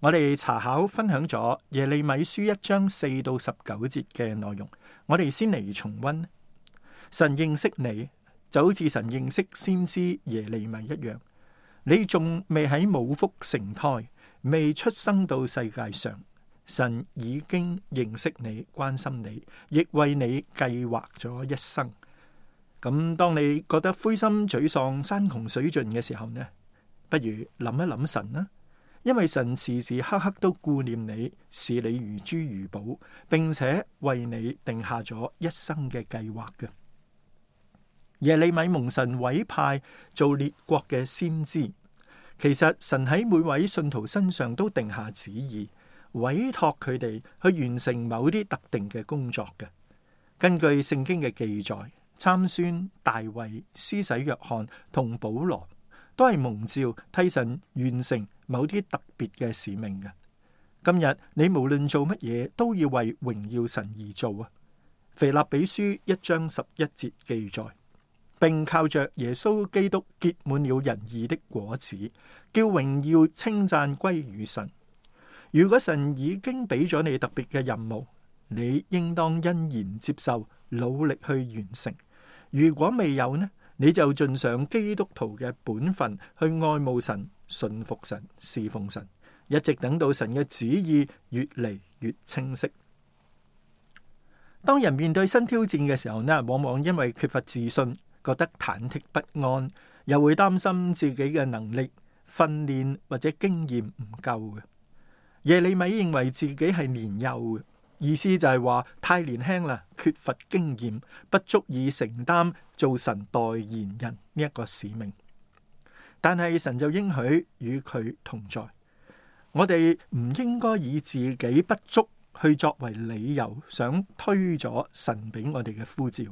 我哋查考分享咗耶利米書一章四到十九節嘅內容，我哋先嚟重溫。神認識你，就好似神認識先知耶利米一樣。你仲未喺母腹成胎，未出生到世界上，神已經認識你，關心你，亦為你計劃咗一生。咁當你覺得灰心沮喪、山窮水盡嘅時候呢，不如諗一諗神啦。因為神時時刻刻都顧念你，視你如珠如寶，並且為你定下咗一生嘅計劃嘅。耶利米蒙神委派做列國嘅先知，其實神喺每位信徒身上都定下旨意，委託佢哋去完成某啲特定嘅工作嘅。根據聖經嘅記載，參孫、大衛、施洗約翰同保羅都係蒙召替神完成。某啲特別嘅使命嘅，今日你無論做乜嘢都要為榮耀神而做啊！腓立比書一章十一節記載，並靠着耶穌基督結滿了仁義的果子，叫榮耀稱讚歸於神。如果神已經俾咗你特別嘅任務，你應當欣然接受，努力去完成。如果未有呢，你就盡上基督徒嘅本分去愛慕神。信服神，侍奉神，一直等到神嘅旨意越嚟越清晰。當人面對新挑戰嘅時候呢，往往因為缺乏自信，覺得忐忑不安，又會擔心自己嘅能力、訓練或者經驗唔夠嘅。耶利米認為自己係年幼嘅，意思就係話太年輕啦，缺乏經驗，不足以承擔做神代言人呢一個使命。但係神就應許與佢同在，我哋唔應該以自己不足去作為理由，想推咗神俾我哋嘅呼召。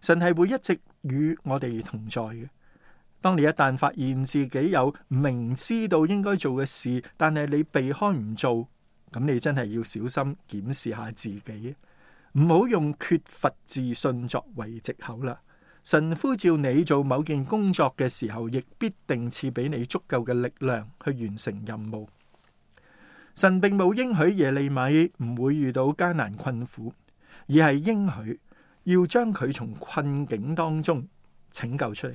神係會一直與我哋同在嘅。當你一旦發現自己有明知道應該做嘅事，但係你避開唔做，咁你真係要小心檢視下自己，唔好用缺乏自信作為借口啦。神呼召你做某件工作嘅時候，亦必定賜俾你足夠嘅力量去完成任務。神並冇應許耶利米唔會遇到艱難困苦，而係應許要將佢從困境當中拯救出嚟。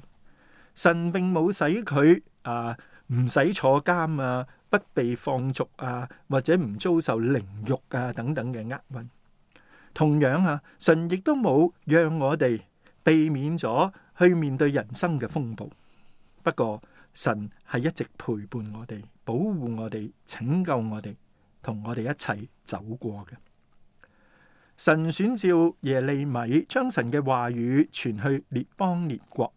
神並冇使佢啊唔使坐監啊，不被放逐啊，或者唔遭受凌辱啊等等嘅厄運。同樣啊，神亦都冇讓我哋。避免咗去面對人生嘅風暴。不過神係一直陪伴我哋、保護我哋、拯救我哋，同我哋一齊走過嘅。神選召耶利米，將神嘅話語傳去列邦列國。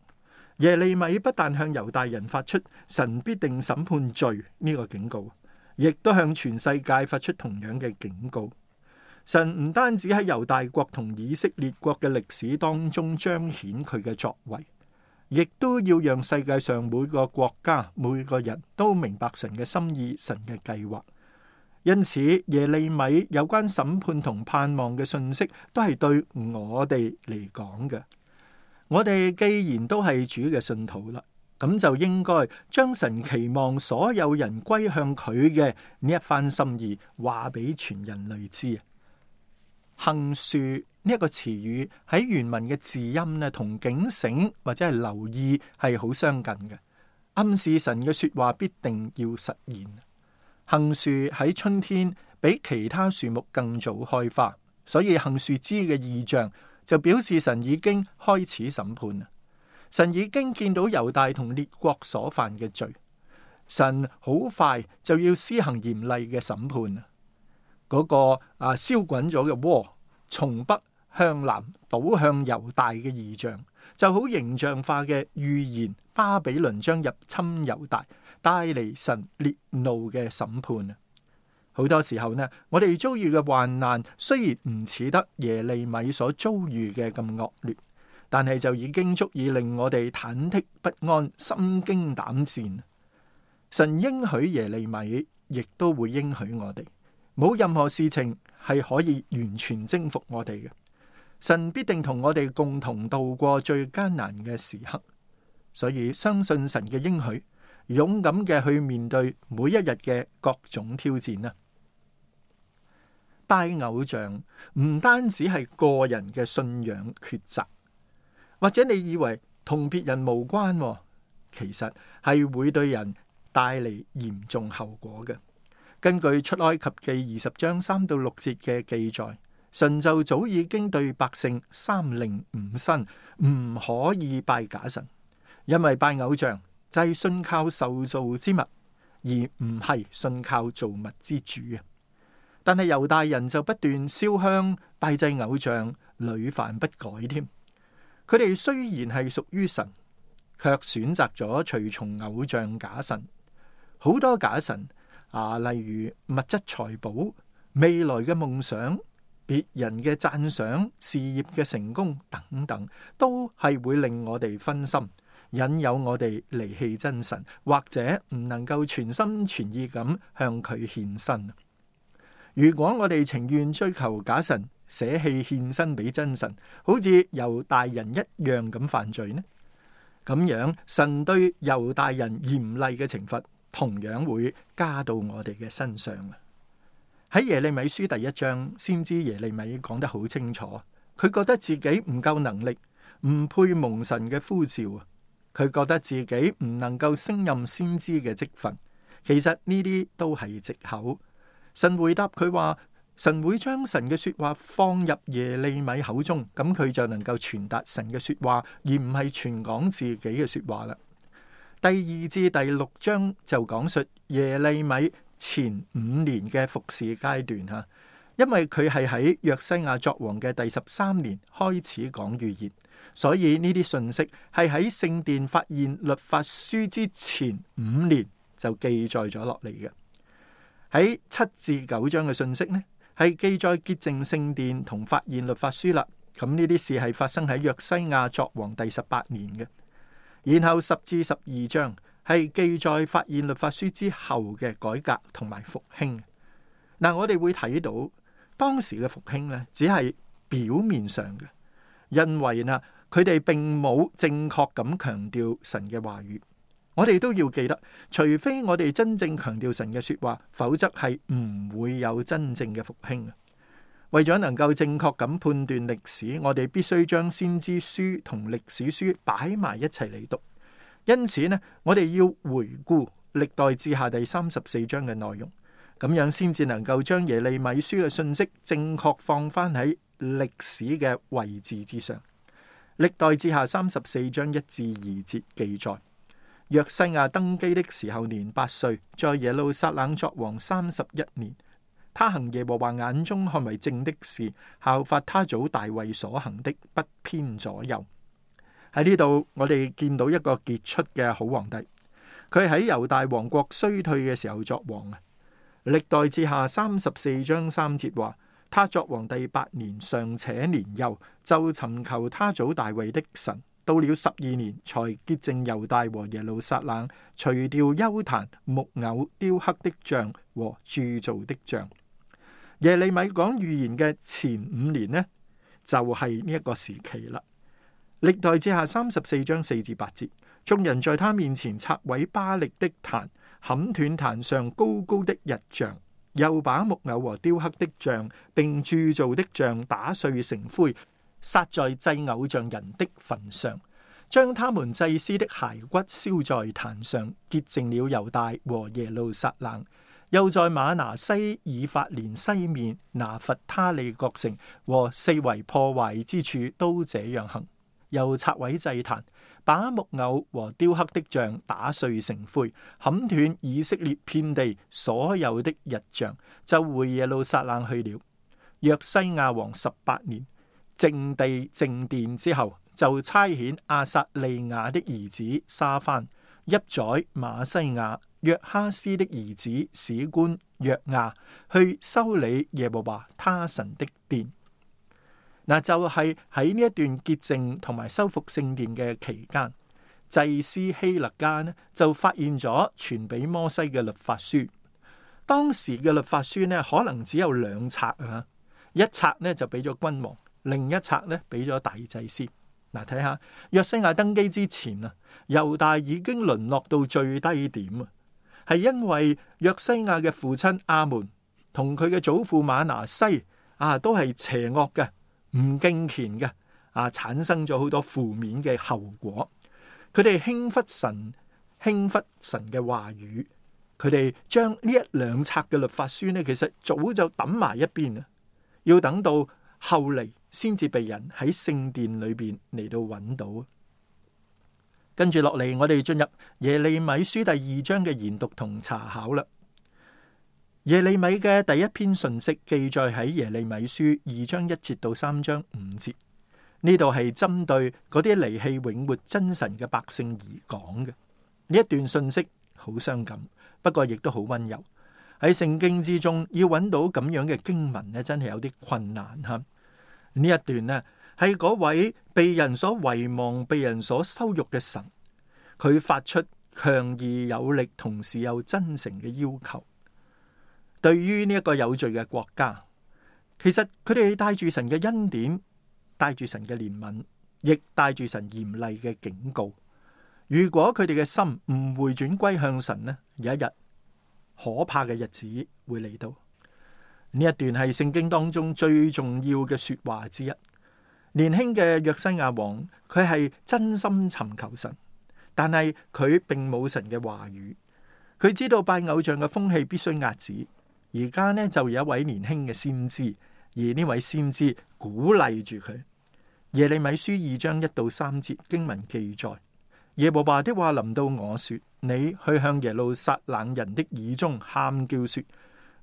耶利米不但向猶大人發出神必定審判罪呢個警告，亦都向全世界發出同樣嘅警告。神唔單止喺猶大國同以色列國嘅歷史當中彰顯佢嘅作為，亦都要讓世界上每個國家、每個人都明白神嘅心意、神嘅計劃。因此，耶利米有關審判同盼望嘅信息都係對我哋嚟講嘅。我哋既然都係主嘅信徒啦，咁就應該將神期望所有人歸向佢嘅呢一番心意話俾全人類知。杏樹呢一個詞語喺原文嘅字音呢，同警醒或者係留意係好相近嘅，暗示神嘅說話必定要實現。杏樹喺春天比其他樹木更早開花，所以杏樹枝嘅異象就表示神已經開始審判。神已經見到猶大同列國所犯嘅罪，神好快就要施行嚴厲嘅審判。嗰、那個啊，燒滾咗嘅鍋，從北向南倒向猶大嘅異象，就好形象化嘅預言。巴比倫將入侵猶大，帶嚟神烈怒嘅審判啊！好多時候呢，我哋遭遇嘅患難雖然唔似得耶利米所遭遇嘅咁惡劣，但係就已經足以令我哋忐忑不安、心驚膽戰。神應許耶利米，亦都會應許我哋。冇任何事情係可以完全征服我哋嘅，神必定同我哋共同度過最艱難嘅時刻。所以相信神嘅應許，勇敢嘅去面對每一日嘅各種挑戰啦。拜偶像唔單止係個人嘅信仰抉擇，或者你以為同別人無關，其實係會對人帶嚟嚴重後果嘅。根據出埃及記二十章三到六節嘅記載，神就早已經對百姓三令五申，唔可以拜假神，因為拜偶像就係、是、信靠受造之物，而唔係信靠造物之主啊！但係猶大人就不斷燒香拜祭偶像，屢犯不改添。佢哋雖然係屬於神，卻選擇咗隨從偶像假神，好多假神。啊，例如物質財寶、未來嘅夢想、別人嘅讚賞、事業嘅成功等等，都係會令我哋分心，引誘我哋離棄真神，或者唔能夠全心全意咁向佢獻身。如果我哋情願追求假神，捨棄獻身俾真神，好似猶大人一樣咁犯罪呢？咁樣神對猶大人嚴厲嘅懲罰。同樣會加到我哋嘅身上啊！喺耶利米書第一章，先知耶利米講得好清楚，佢覺得自己唔夠能力，唔配蒙神嘅呼召啊！佢覺得自己唔能夠升任先知嘅職份。其實呢啲都係藉口。神回答佢話：神會將神嘅說話放入耶利米口中，咁佢就能夠傳達神嘅說話，而唔係全講自己嘅說話啦。第二至第六章就講述耶利米前五年嘅服侍階段吓，因為佢係喺約西亞作王嘅第十三年開始講預言，所以呢啲信息係喺聖殿發現律法書之前五年就記載咗落嚟嘅。喺七至九章嘅信息呢，係記載潔淨聖殿同發現律法書啦。咁呢啲事係發生喺約西亞作王第十八年嘅。然後十至十二章係記載發現律法書之後嘅改革同埋復興。嗱、嗯，我哋會睇到當時嘅復興呢，只係表面上嘅，因為嗱，佢哋並冇正確咁強調神嘅話語。我哋都要記得，除非我哋真正強調神嘅說話，否則係唔會有真正嘅復興。為咗能夠正確咁判斷歷史，我哋必須將先知書同歷史書擺埋一齊嚟讀。因此呢，我哋要回顧歷代志下第三十四章嘅內容，咁樣先至能夠將耶利米書嘅信息正確放翻喺歷史嘅位置之上。歷代志下三十四章一至二節記載：約西亞登基的時候年八歲，在耶路撒冷作王三十一年。他行耶和華眼中看為正的事，效法他祖大衛所行的，不偏左右。喺呢度，我哋見到一個傑出嘅好皇帝。佢喺猶大王國衰退嘅時候作王啊。歷代志下三十四章三節話：他作皇帝八年尚且年幼，就尋求他祖大衛的神。到了十二年，才潔淨猶大和耶路撒冷，除掉邱壇、木偶雕刻的像和鑄造的像。耶利米講預言嘅前五年呢，就係呢一個時期啦。歷代志下三十四章四至八節，眾人在他面前拆毀巴力的壇，砍斷壇上高高的日像，又把木偶和雕刻的像並鑄造的像打碎成灰，撒在祭偶像人的墳上，將他們祭司的骸骨燒在壇上，潔淨了猶大和耶路撒冷。又在馬拿西以法蓮西面拿弗他利各城和四圍破壞之處都這樣行，又拆毀祭壇，把木偶和雕刻的像打碎成灰，砍斷以色列遍地所有的日像，就回耶路撒冷去了。約西亞王十八年，淨地淨殿之後，就差遣阿撒利雅的兒子沙番、一宰馬西亞。約哈斯的兒子史官約亞去修理耶和華他神的殿。嗱，就係喺呢一段潔淨同埋修復聖殿嘅期間，祭司希勒家呢就發現咗傳俾摩西嘅律法書。當時嘅律法書呢，可能只有兩冊啊，一冊呢就俾咗君王，另一冊呢俾咗大祭司。嗱，睇下約西亞登基之前啊，猶大已經淪落到最低點啊。係因為約西亞嘅父親阿門同佢嘅祖父瑪拿西啊，都係邪惡嘅，唔敬虔嘅啊，產生咗好多負面嘅後果。佢哋輕忽神，輕忽神嘅話語。佢哋將呢一兩冊嘅律法書呢，其實早就抌埋一邊啊，要等到後嚟先至被人喺聖殿裏邊嚟到揾到。跟住落嚟，我哋進入耶利米書第二章嘅研讀同查考啦。耶利米嘅第一篇訊息記載喺耶利米書二章一節到三章五節。呢度係針對嗰啲離棄永活真神嘅百姓而講嘅。呢一段訊息好傷感，不過亦都好溫柔。喺聖經之中要揾到咁樣嘅經文呢，真係有啲困難吓。呢一段呢。係嗰位被人所遺忘、被人所羞辱嘅神，佢發出強而有力，同時又真誠嘅要求，對於呢一個有罪嘅國家。其實佢哋帶住神嘅恩典，帶住神嘅憐憫，亦帶住神嚴厲嘅警告。如果佢哋嘅心唔回轉歸向神呢，有一日可怕嘅日子會嚟到。呢一段係聖經當中最重要嘅說話之一。年輕嘅約西亞王，佢係真心尋求神，但係佢並冇神嘅話語。佢知道拜偶像嘅風氣必須遏止。而家呢就有一位年輕嘅先知，而呢位先知鼓勵住佢。耶利米書二章一到三節經文記載：耶和華的話臨到我說，你去向耶路撒冷人的耳中喊叫說，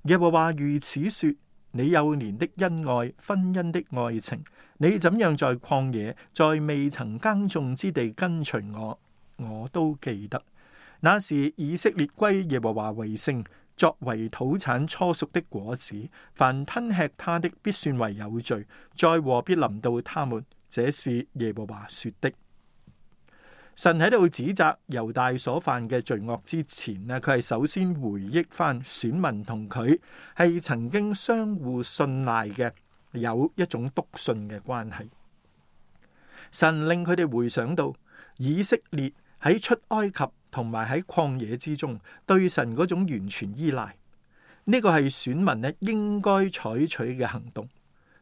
耶和華如此說。你幼年的恩愛，婚姻的愛情，你怎樣在曠野，在未曾耕種之地跟隨我，我都記得。那時以色列歸耶和華為聖，作為土產初熟的果子，凡吞吃他的，必算為有罪，災禍必臨到他們。這是耶和華說的。神喺度指責猶大所犯嘅罪惡之前咧，佢係首先回憶翻選民同佢係曾經相互信賴嘅，有一種篤信嘅關係。神令佢哋回想到以色列喺出埃及同埋喺曠野之中對神嗰種完全依賴，呢個係選民咧應該採取嘅行動。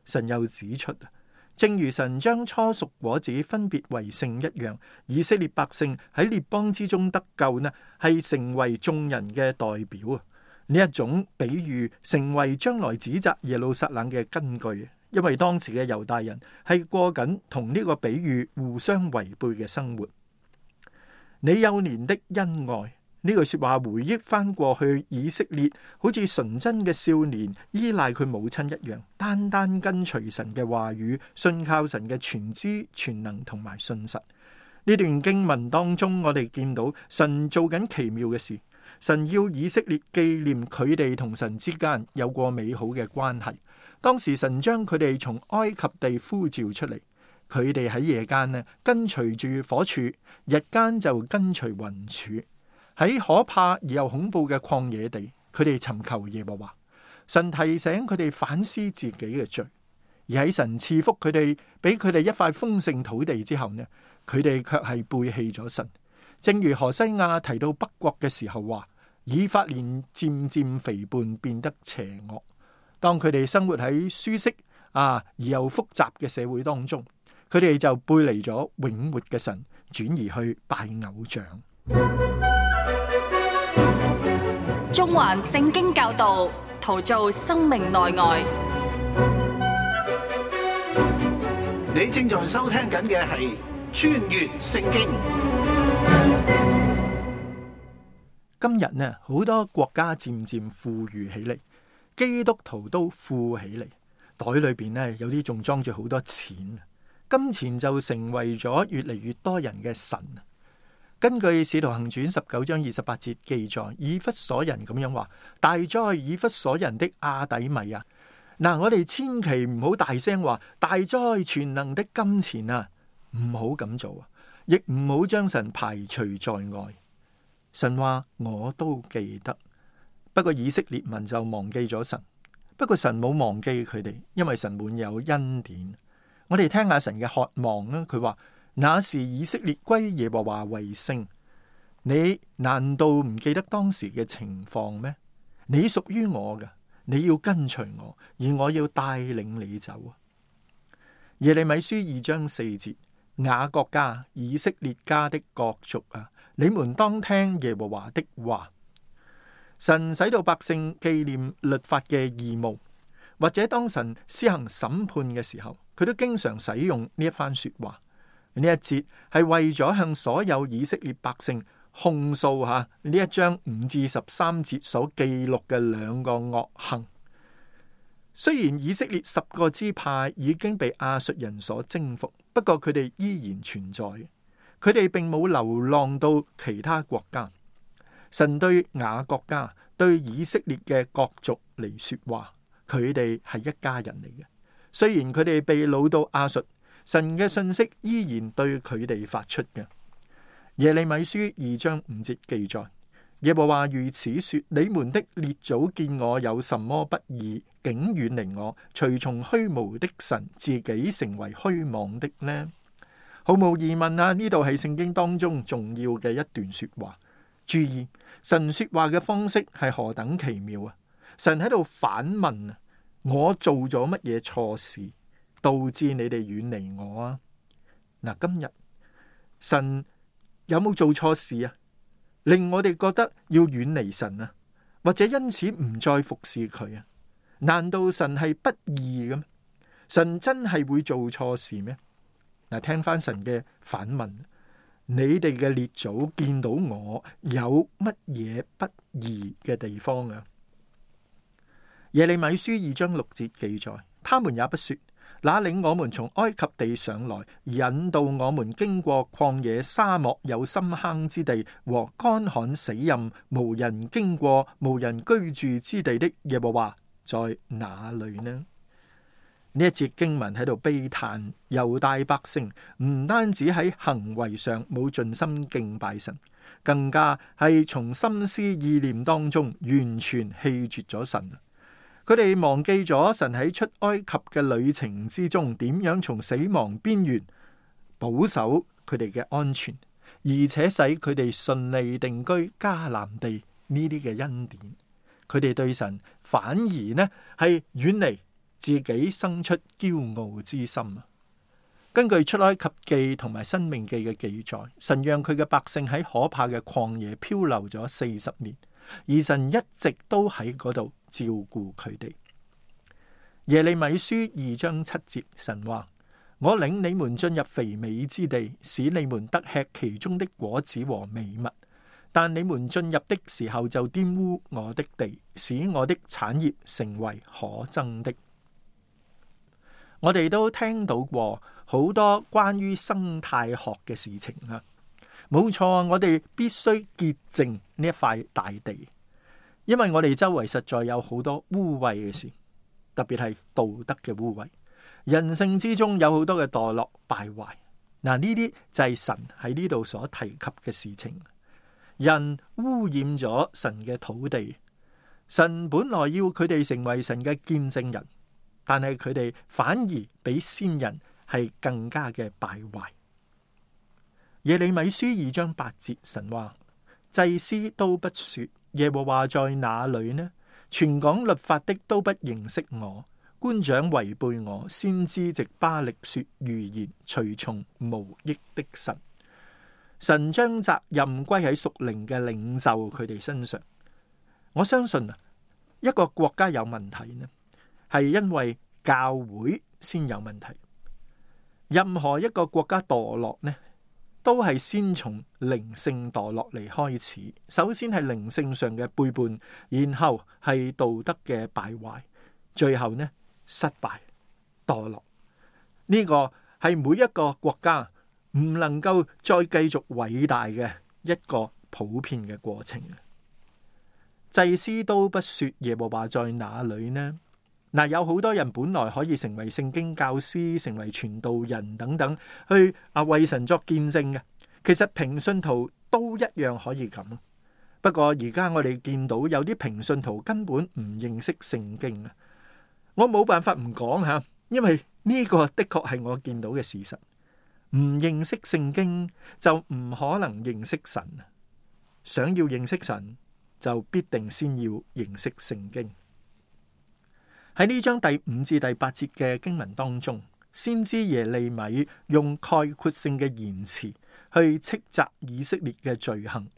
神又指出啊。正如神將初熟果子分別為聖一樣，以色列百姓喺列邦之中得救呢，係成為眾人嘅代表啊！呢一種比喻成為將來指責耶路撒冷嘅根據，因為當時嘅猶大人係過緊同呢個比喻互相違背嘅生活。你幼年的恩愛。呢句說話回憶翻過去，以色列好似純真嘅少年，依賴佢母親一樣，單單跟隨神嘅話語，信靠神嘅全知全能同埋信實。呢段經文當中，我哋見到神做緊奇妙嘅事。神要以色列紀念佢哋同神之間有過美好嘅關係。當時神將佢哋從埃及地呼召出嚟，佢哋喺夜間呢跟隨住火柱，日間就跟隨雲柱。喺可怕而又恐怖嘅曠野地，佢哋尋求耶和華。神提醒佢哋反思自己嘅罪，而喺神賜福佢哋俾佢哋一塊豐盛土地之後呢，佢哋卻係背棄咗神。正如何西亞提到北國嘅時候話，以法蓮漸漸肥胖，變得邪惡。當佢哋生活喺舒適啊而又複雜嘅社會當中，佢哋就背離咗永活嘅神，轉而去拜偶像。中環聖經教導，陶造生命內外。你正在收聽緊嘅係《穿越聖經》。今日呢，好多國家漸漸富裕起嚟，基督徒都富起嚟，袋裏邊呢，有啲仲裝住好多錢，金錢就成為咗越嚟越多人嘅神。根據《使徒行傳》十九章二十八節記載，以弗所人咁樣話：大哉以弗所人的亞底米啊，嗱，我哋千祈唔好大聲話大哉全能的金錢啊，唔好咁做啊，亦唔好將神排除在外。神話我都記得，不過以色列民就忘記咗神。不過神冇忘記佢哋，因為神滿有恩典。我哋聽下神嘅渴望啦，佢話。那時以色列歸耶和華為聖，你難道唔記得當時嘅情況咩？你屬於我㗎，你要跟隨我，而我要帶領你走啊。耶利米書二章四節：雅各家、以色列家的各族啊，你們當聽耶和華的話。神使到百姓紀念律法嘅義務，或者當神施行審判嘅時候，佢都經常使用呢一番說話。呢一節係為咗向所有以色列百姓控訴下，呢一章五至十三節所記錄嘅兩個惡行。雖然以色列十個支派已經被亞述人所征服，不過佢哋依然存在，佢哋並冇流浪到其他國家。神對雅各家對以色列嘅各族嚟，說話，佢哋係一家人嚟嘅。雖然佢哋被擄到亞述。神嘅信息依然對佢哋發出嘅。耶利米書二章五節記載：耶和華如此說，你們的列祖見我有什麼不義，竟遠離我，隨從虛無的神，自己成為虛妄的呢？毫無疑問啊，呢度係聖經當中重要嘅一段說話。注意，神說話嘅方式係何等奇妙啊！神喺度反問我做咗乜嘢錯事？導致你哋遠離我啊！嗱，今日神有冇做錯事啊？令我哋覺得要遠離神啊，或者因此唔再服侍佢啊？難道神係不義嘅咩？神真係會做錯事咩？嗱，聽翻神嘅反問：你哋嘅列祖見到我有乜嘢不義嘅地方啊？耶利米書二章六節記載：他們也不說。那領我們從埃及地上來，引導我們經過曠野、沙漠、有深坑之地和乾旱死蔭、無人經過、無人居住之地的耶和華在哪裏呢？呢一節經文喺度悲歎猶大百姓唔單止喺行為上冇盡心敬拜神，更加係從心思意念當中完全棄絕咗神。佢哋忘記咗神喺出埃及嘅旅程之中，點樣從死亡邊緣保守佢哋嘅安全，而且使佢哋順利定居迦南地呢啲嘅恩典。佢哋對神反而呢係遠離自己，生出驕傲之心啊！根據出埃及記同埋申命記嘅記載，神讓佢嘅百姓喺可怕嘅曠野漂流咗四十年。而神一直都喺嗰度照顧佢哋。耶利米書二章七節，神話：我領你們進入肥美之地，使你們得吃其中的果子和美物；但你們進入的時候就玷污我的地，使我的產業成為可憎的。我哋都聽到過好多關於生態學嘅事情啦。冇錯，我哋必須潔淨呢一塊大地，因為我哋周圍實在有好多污穢嘅事，特別係道德嘅污穢，人性之中有好多嘅墮落敗壞。嗱，呢啲就係神喺呢度所提及嘅事情。人污染咗神嘅土地，神本來要佢哋成為神嘅見證人，但係佢哋反而比先人係更加嘅敗壞。耶利米書二章八節，神話，祭司都不說耶和華在哪裡呢？全港律法的都不認識我，官長違背我，先知直巴力說預言，隨從無益的神。神將責任歸喺屬靈嘅領袖佢哋身上。我相信啊，一個國家有問題呢，係因為教會先有問題。任何一個國家墮落呢，都係先從靈性墮落嚟開始，首先係靈性上嘅背叛，然後係道德嘅敗壞，最後呢，失敗墮落呢、這個係每一個國家唔能夠再繼續偉大嘅一個普遍嘅過程。祭司都不說耶和華在哪裏呢？嗱，有好多人本來可以成為聖經教師、成為傳道人等等，去啊為神作見證嘅。其實平信徒都一樣可以咁咯。不過而家我哋見到有啲平信徒根本唔認識聖經啊，我冇辦法唔講吓，因為呢個的確係我見到嘅事實。唔認識聖經就唔可能認識神啊。想要認識神，就必定先要認識聖經。喺呢章第五至第八節嘅經文當中，先知耶利米用概括性嘅言辭去斥責以色列嘅罪行。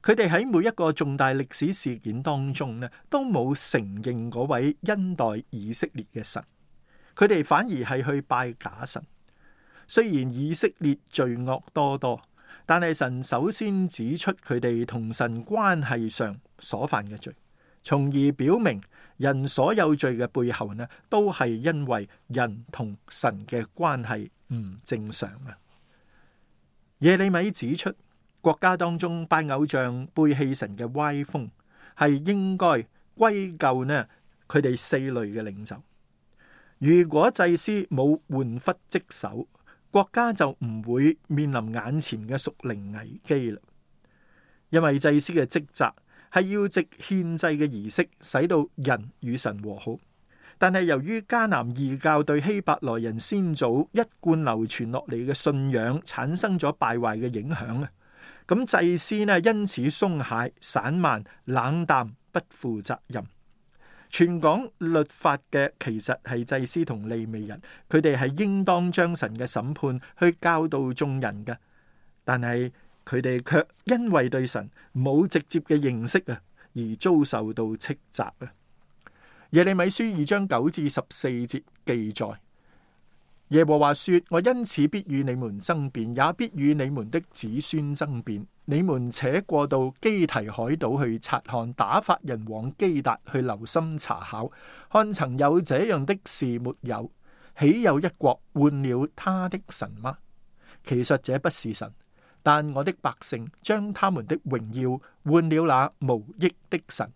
佢哋喺每一個重大歷史事件當中咧，都冇承認嗰位恩待以色列嘅神，佢哋反而係去拜假神。雖然以色列罪惡多多，但係神首先指出佢哋同神關係上所犯嘅罪，從而表明。人所有罪嘅背後呢，都係因為人同神嘅關係唔正常啊！耶利米指出，國家當中拜偶像、背棄神嘅歪風，係應該歸咎呢佢哋四類嘅領袖。如果祭司冇翫忽職守，國家就唔會面臨眼前嘅屬靈危機啦。因為祭司嘅職責。係要藉獻祭嘅儀式，使到人與神和好。但係由於迦南異教對希伯來人先祖一貫流傳落嚟嘅信仰產生咗敗壞嘅影響啊！咁祭司呢，因此鬆懈、散漫、冷淡、不負責任。全港律法嘅其實係祭司同利未人，佢哋係應當將神嘅審判去教導眾人嘅，但係。佢哋卻因為對神冇直接嘅認識啊，而遭受到斥責啊。耶利米書二章九至十四節記載，耶和華說：我因此必與你們爭辯，也必與你們的子孫爭辯。你們且過到基提海島去察看，打發人往基達去留心查考，看曾有這樣的事沒有？豈有一國換了他的神嗎？其實這不是神。但我的百姓將他們的榮耀換了那無益的神，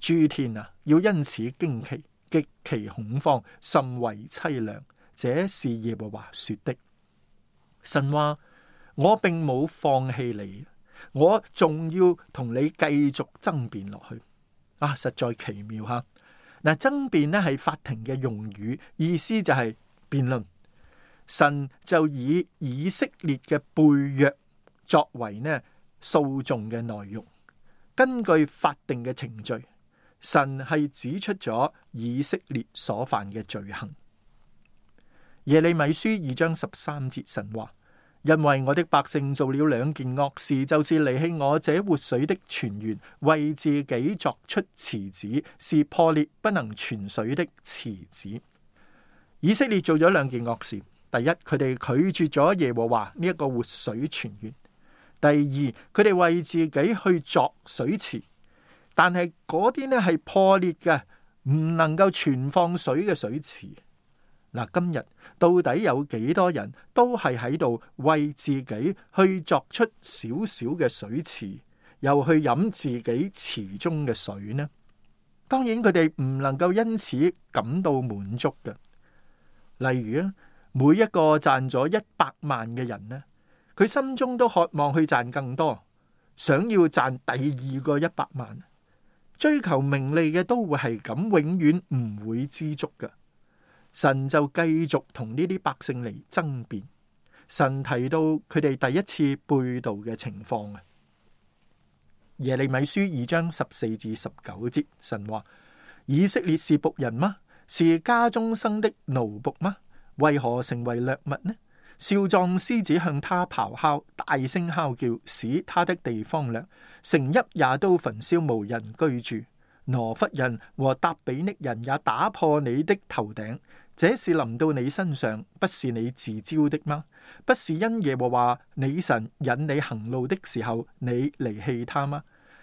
諸天啊，要因此驚奇、極其恐慌、甚為淒涼。這是耶和華說的。神話我並冇放棄你，我仲要同你繼續爭辯落去。啊，實在奇妙吓。嗱，爭辯呢係法庭嘅用語，意思就係辯論。神就以以色列嘅背約。作為呢訴訟嘅內容，根據法定嘅程序，神係指出咗以色列所犯嘅罪行。耶利米書二章十三節神話，因為我的百姓做了兩件惡事，就是離棄我這活水的泉源，為自己作出池子，是破裂不能存水的池子。以色列做咗兩件惡事，第一，佢哋拒絕咗耶和華呢一個活水泉源。第二，佢哋為自己去作水池，但係嗰啲咧係破裂嘅，唔能夠存放水嘅水池。嗱，今日到底有幾多人都係喺度為自己去作出少少嘅水池，又去飲自己池中嘅水呢？當然佢哋唔能夠因此感到滿足嘅。例如咧，每一個賺咗一百萬嘅人呢。佢心中都渴望去賺更多，想要賺第二個一百萬，追求名利嘅都會係咁，永遠唔會知足㗎。神就繼續同呢啲百姓嚟爭辯。神提到佢哋第一次背道嘅情況啊，《耶利米書》二章十四至十九節，神話：以色列是僕人嗎？是家中生的奴僕嗎？為何成為掠物呢？少壯獅子向他咆哮，大聲吼叫，使他的地荒涼，城邑也都焚燒，無人居住。挪弗人和答比匿人也打破你的頭頂。這是臨到你身上，不是你自招的嗎？不是因耶和華你神引你行路的時候，你離棄他嗎？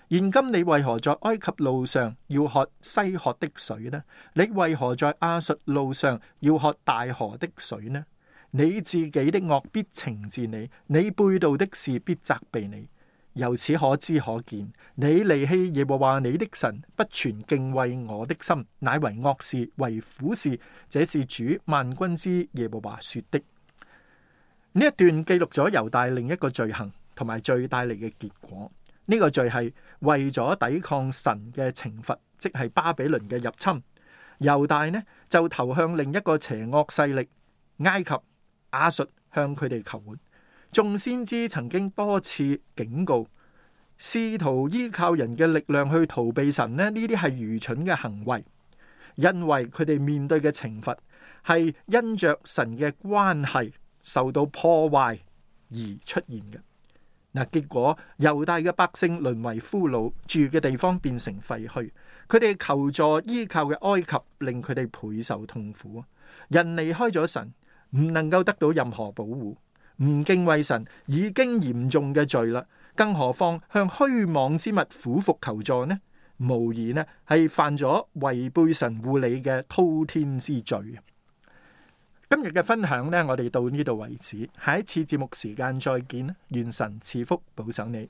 現今你為何在埃及路上要喝西曷的水呢？你為何在亞述路上要喝大河的水呢？你自己的惡必懲治你，你背道的事必責備你。由此可知可見，你離棄耶和華你的神，不存敬畏我的心，乃為惡事，為苦事。這是主萬軍之耶和華說的。呢一段記錄咗猶大另一個罪行同埋罪帶嚟嘅結果。呢個罪係為咗抵抗神嘅懲罰，即係巴比倫嘅入侵。猶大呢就投向另一個邪惡勢力埃及。亞述向佢哋求援，眾先知曾經多次警告，試圖依靠人嘅力量去逃避神呢，呢啲係愚蠢嘅行為，因為佢哋面對嘅懲罰係因着神嘅關係受到破壞而出現嘅。嗱，結果猶大嘅百姓淪為俘虜，住嘅地方變成廢墟，佢哋求助依靠嘅埃及，令佢哋倍受痛苦。人離開咗神。唔能夠得到任何保護，唔敬畏神已經嚴重嘅罪啦，更何況向虛妄之物苦服求助呢？無疑呢係犯咗違背神護理嘅滔天之罪。今日嘅分享呢，我哋到呢度為止，下一次節目時間再見啦，願神賜福保守你。